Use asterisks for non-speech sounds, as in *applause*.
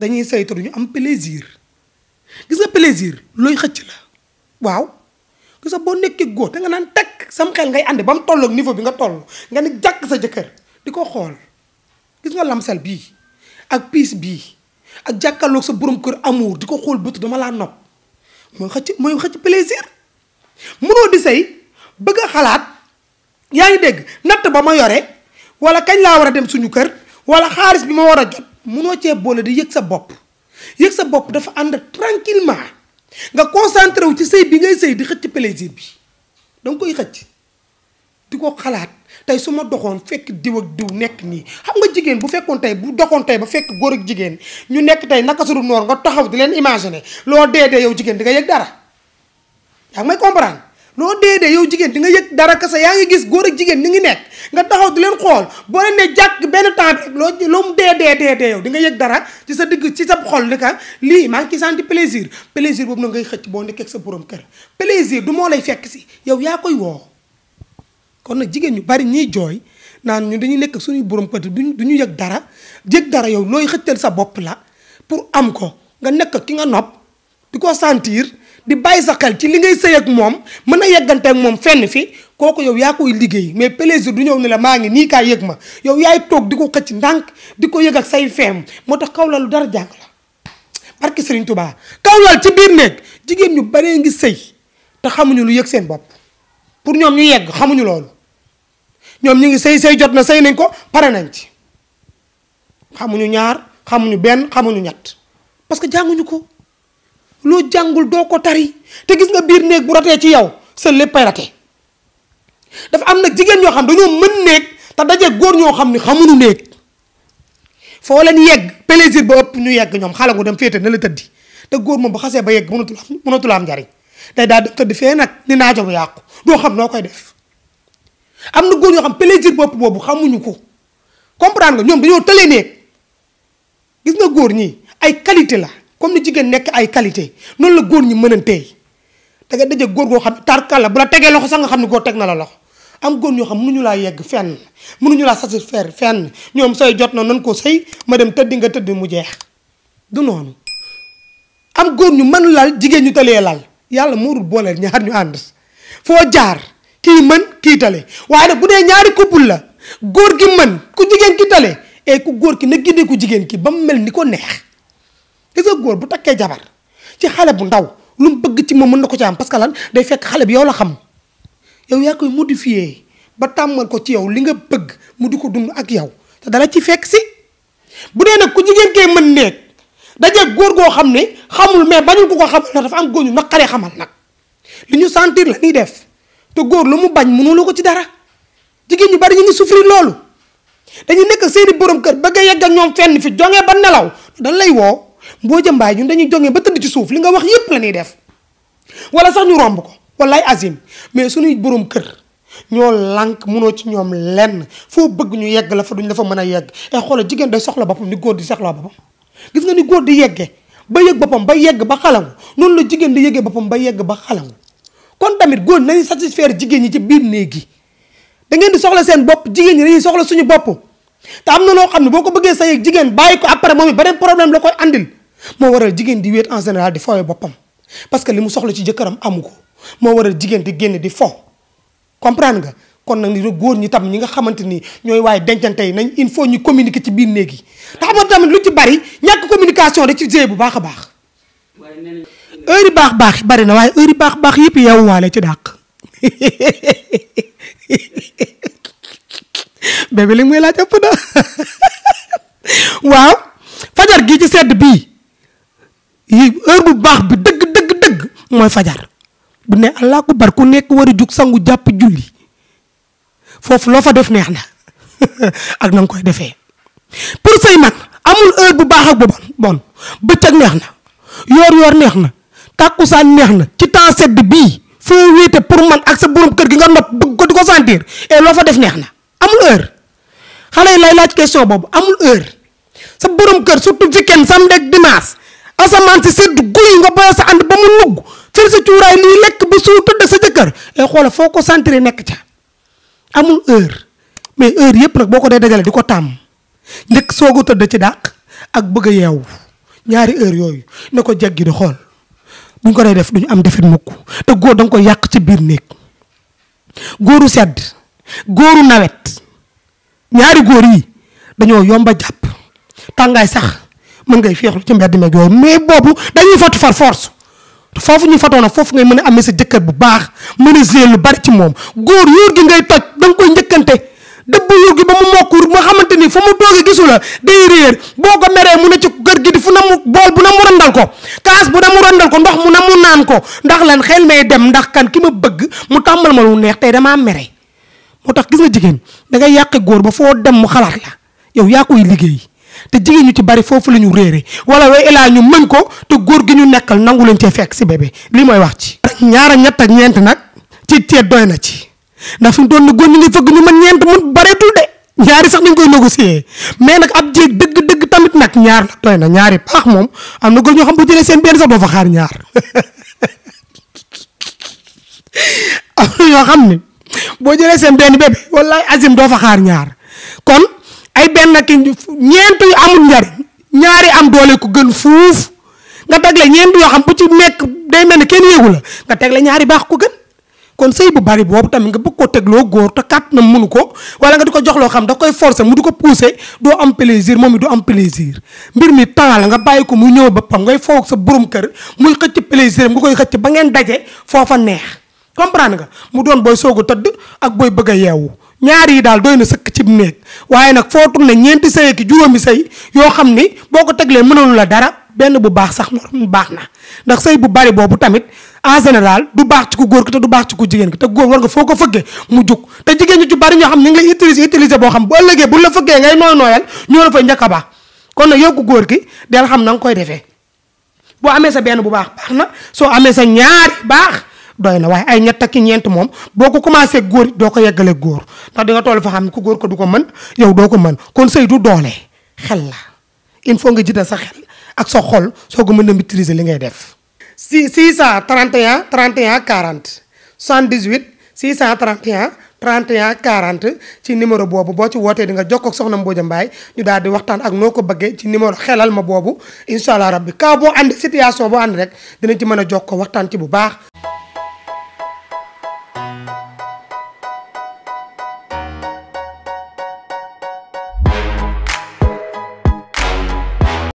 dañuy saytu ñu am plaisir gis nga plaisir looy xëcc la waaw gis nga boo nekkee góor da nga naan takk sam xel ngay ànd ba mu toll ak niveau bi nga toll nga ne jàkk sa jëkkër di ko xool gis nga lamsal bii ak piis bii ak jàkkaarloog sa borom kër amour di ko xool bëtu dama laa nopp mooy xëcc mooy xëcc plaisir mënoo di say bëgg a xalaat yaa ngi dégg natt ba ma yore wala kañ laa war a dem suñu kër wala xaalis bi ma war a jot munoo ceeb boole di yëg sa bopp yëg sa bopp dafa ànd tranquillement nga concentré wu ci sëy bi ngay sëy di xëcc plaisir bi danga koy xëcc di ko xalaat tey su ma doxoon fekk diw ak diw nekk nii xam nga jigéen bu fekkoon tey bu doxoon tey ba fekk góor jigéen ñu nekk tey naka sudu noor nga taxaw di leen imaginer loo dee dee yow jigéen di nga yëg dara yaa ngi may comprendre loo dee dee yow jigéen di nga yëg dara ka kasa yaa ngi gis góor ak jigéen ni ngi nekk nga taxaw di leen xool boo leen ne jàkk benn temps loo loo mu dee dee dee dee yow di nga yëg dara ci sa digg ci sa xol ni ka lii maa ngi ci senti plaisir plaisir boobu na ngay xëcc boo nekkee ak sa borom kër plaisir du moo lay fekk si yow yaa koy woo kon nag jigéen ñu bari ñiy jooy naan ñu dañuy nekk suñuy borom kër duñu du ñu yëg dara yëg dara yow looy xëccal sa bopp la pour am ko nga nekk ki nga nopp di ko sentir di bàyyi sa xel ci li ngay sëy ak moom mën a yeggante ak moom fenn fii kooku yow yaa koy liggéey mais plaisir du ñëw ne la maa ngi nii kaa yëg ma yow yaay toog di ko xëcc ndànk di ko yëg ak say feem moo tax kaw la lu dara jàng la barki Serigne Touba kaw lal ci biir néeg jigéen ñu baree ngi sëy te xamuñu lu yëg seen bopp pour ñoom ñu yegg xamuñu loolu ñoom ñu ngi sëy sëy jot na sëy nañ ko pare nañ ci xamuñu ñaar xamuñu benn xamuñu ñett parce que jànguñu ko loo jàngul doo ko tari te gis nga biir néeg bu ratee ci yow sa léppay rate dafa am nag jigéen ñoo xam dañoo mën néeg te daje góor ñoo xam ni xamuñu néeg foo leen yegg plaisir ba ëpp ñu yegg ñoom xale ngu dem féete na la tëddi te góor moom bu xasee ba yegg mënatul am mënatul am njariñ day daal di tëdd fee nag ni naajo bu yàqu doo xam noo koy def am na góor ñoo xam plaisir ba ëpp boobu xamuñu ko comprendre nga ñoom dañoo tële néeg gis nga góor ñi ay qualité la comme ni jigéen nekk ay qualité noonu la góor ñi mënantee da nga daje góor goo xam ne tarkal la bu la tegee loxo sax nga xam ne góor teg na la loxo am góor ñoo xam mënuñu laa yegg fenn mënuñu laa satisfaire fenn ñoom sooy jot na nan ko sëy ma dem tëddi nga tëdd mu jeex du noonu am góor ñu mën laal jigéen ñu talee laal yàlla moorul boole ñaar ñu ànd foo jaar kii mën kii tale waaye nag bu dee ñaari couple la góor gi mën ku jigéen ki tale ku góor ki na gindee ku jigéen ki ba mu mel ni ko neex gis nga góor bu takkee jabar ci xale bu ndaw lu mu bëgg ci moom mën na ko ci am parce que lan day fekk xale bi yow la xam yow yaa koy modifié ba tàmmal ko ci yow li nga bëgg mu di ko dund ak yow te dala ci fekk si bu dee nag ku jigéen kee mën néeg daje góor goo xam ne xamul mais bañul ko ko xamal na dafa am góor ñu naqaree xamal nag li ñu sentir la ñuy def góor lu mu bañ mënuloo ko ci dara jigéen ñu bari ñu ngi souffrir loolu dañuy nekk seeni borom kër bëgg a ak ñoom fenn fi jonge ba nelaw dañ lay woo Mbodia Mbaye ñun dañuy jongee ba tëdd ci suuf li nga wax yépp la ñuy def wala sax ñu romb ko wallaay azim mais suñuy borom kër ñoo lànk munoo ci ñoom lenn foo bëgg ñu yegg la fa duñ la mën a yegg et eh, xoolal jigéen day soxla boppam ni góor di soxla boppam gis nga ni góor di yeggee ba yegg boppam ba yegg ba xalangu noonu la jigéen di yeggee boppam ba yegg ba xalangu kon tamit góor nañu satisfaire jigéen ñi ci biir néeg yi da ngeen di soxla seen bopp jigéen ñi dañuy soxla suñu bopp te am na loo xam ne boo ko bëggee say ak jigéen bàyyi ko après moom it beneen problème la koy andil moo waral jigéen di wéet en général di foo boppam parce que li mu soxla ci jëkkëram amu ko moo waral jigéen di génn di fo comprendre nga kon nag ni góor ñi tam ñi nga xamante ni ñooy waaye dencante yi nañ il faut ñu communiquer ci biir néeg yi te xam nga tamit lu ci bari ñàkk communication de ci jëye bu baax a baax heure baax baax yi bari na waaye heure baax baax yëpp yeewuwaale ci dàq *laughs* bébé li muy laaj ëpp na waaw fajar gi ci sedd bii heure bu baax bi dëgg dëgg dëgg mooy fajar bu ne allah ku bar ku nekk war a jug sangu jàpp julli foofu loo fa def neex na *laughs* ak na nga koy defee pour sëy nag amul heure bu baax ak bu bon bëccëg neex na yoor-yoor neex na tàkkusaan neex na ci temps sedd bii foo wéete pour man ak sa borom kër gi nga nopp bëgg ko di ko sentir et loo fa def neex na amul heure. xale yi lay laaj question boobu amul heure sa borom kër su surtout weekend samedi ak dimanche asamaan si sedd guy nga bàyyi sa ànd ba mu nugg fël sa cuuraay lii lekk ba suur tëdd sa jëkkër ay eh, xoola foo ko centré nekk ca amul heure mais heure yëpp nag boo ko dee dajale di ko tàmm njëkk soo ko tëdd ci dàq ak bëgg a yeewu ñaari heure yooyu ne ko jeggi di xool buñ ko dee def duñu am defit mukk te góor danga ko yàq ci biir néeg góoru sedd góoru nawet ñaari góor yi dañoo yomba jàpp tàngaay sax mun ngay féexlu ci mbedd meeg yooyu mais boobu dañuy fatu far force foofu ñu fatoona foofu ngay mën a amee sa jëkkër bu baax mën a gérer lu bari moom góor yóor gi ngay toj da nga njëkkante dëbb yóor gi ba mu mokkur ma xamante ni fa mu doogee gisu la day réer boo ko meree mu ne ci kër gi di fu na mu bool bu na mu randal ko kaas bu na mu randal ko ndox mu na mu naan ko ndax lan xel may dem ndax kan ki ma bëgg mu tàmbal ma lu neex tey damaa mere moo tax gis nga jigéen dangay ngay góor ba foo dem mu xalaat la yow yaa koy liggéey te jigéen ñu ci bari foofu la ñu réere wala way ilaa ñu mën ko te góor gi ñu nekkal nangu leen cee fekk si bébé lii mooy wax ci ñaara ñett ak ñeent nag ci teet doy na ci ndax fi mu doon ne góor ñu ngi fëgg ñu mën ñeent mun bareetul de ñaari sax dañ koy négocier mais nag ab jéeg dëgg dëgg tamit nag ñaar la doy na ñaari paax moom am na góor ñoo xam bu jëlee seen benn sax doo xaar ñaar *laughs* am xam ne boo jëlee seen benn bébé wallaay azim doo fa xaar ñaar kon ay benn ki ñeent yu amul njariñ ñaari am doole ko gën fuuf nga tegle ñeent yoo xam bu ci nekk day mel ni kenn yéegu la nga tegle ñaari baax ko gën kon sëy bu bari boobu tamit nga bëgg ko loo góor te kàtt na mënu ko wala nga di ko jox loo xam da koy forcer mu di ko pousser doo am plaisir moom it du am plaisir mbir mi temps la nga bàyyi ko mu ñëw boppam ngay foog sa borom kër muy xëcc plaisir mu koy xëcc ba ngeen daje foofa neex comprendre nga mu doon booy soog a tëdd ak booy bëgg a yeewu ñaar yi daal doy na sëkk cib néeg waaye nag foo tourné ñeenti sëy ki juróomi sëy yoo xam ni boo ko teglee mënalu la dara benn bu baax sax mu baax na ndax sëy bu bari boobu tamit en général du baax ci ku góor ki te du baax ci ku jigéen ki te góor war nga foo ko fëggee mu jug te jigéen ñi ci bari ñoo xam ni nga lay utiliser boo xam bu ëllëgee bu la fëggee ngay nooy nooyal ñoo la fay njëkk a baax kon nag yow góor ki del xam na koy defee boo amee sa benn bu baax baax na soo amee sa ñaari baax doy na waaye ay ñett ak ñeent moom boo ko commencé góor doo ko yeggale góor ndax di nga toll fa xam ku góor ko du ko mën yow doo ko mën kon sëy du doole xel la il faut nga jiital sa xel ak sa xol soo ko mën a maîtriser li ngay def. si 631 31 40 78 631 31 40 ci numéro boobu boo ci wootee di nga jokkoo ak soxna Mbodia Mbaye ñu daal di waxtaan ak noo ko bëggee ci numéro xelal ma boobu incha allah bi kaw ànd situation boo ànd rek dina ci mën a ko waxtaan ci bu baax.